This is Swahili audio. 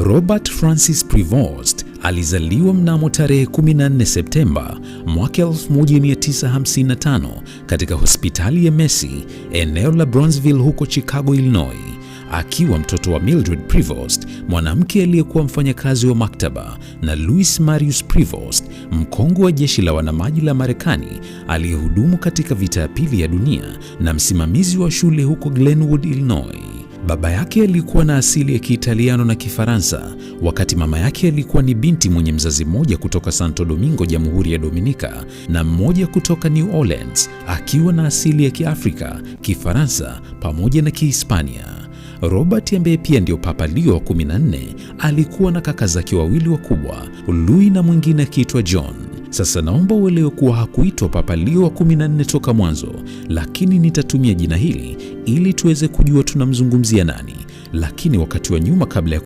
Robert Francis Prevost alizaliwa mnamo tarehe 14 Septemba mwaka 1955 katika hospitali ya Mercy eneo la Bronzeville huko Chicago, Illinois akiwa mtoto wa Mildred Prevost, mwanamke aliyekuwa mfanyakazi wa maktaba, na Louis Marius Prevost, mkongwe wa jeshi la wanamaji la Marekani aliyehudumu katika vita ya pili ya dunia na msimamizi wa shule huko Glenwood, Illinois. Baba yake alikuwa na asili ya Kiitaliano na Kifaransa, wakati mama yake alikuwa ni binti mwenye mzazi mmoja kutoka Santo Domingo, Jamhuri ya Dominika, na mmoja kutoka New Orleans, akiwa na asili ya Kiafrika, Kifaransa pamoja na Kihispania. Robert ambaye pia ndio Papa Leo wa 14 alikuwa na kaka zake wawili wakubwa, Louis na mwingine akiitwa John. Sasa naomba uelewe kuwa hakuitwa Papa Leo wa 14 toka mwanzo, lakini nitatumia jina hili ili tuweze kujua tunamzungumzia nani. Lakini wakati wa nyuma kabla ya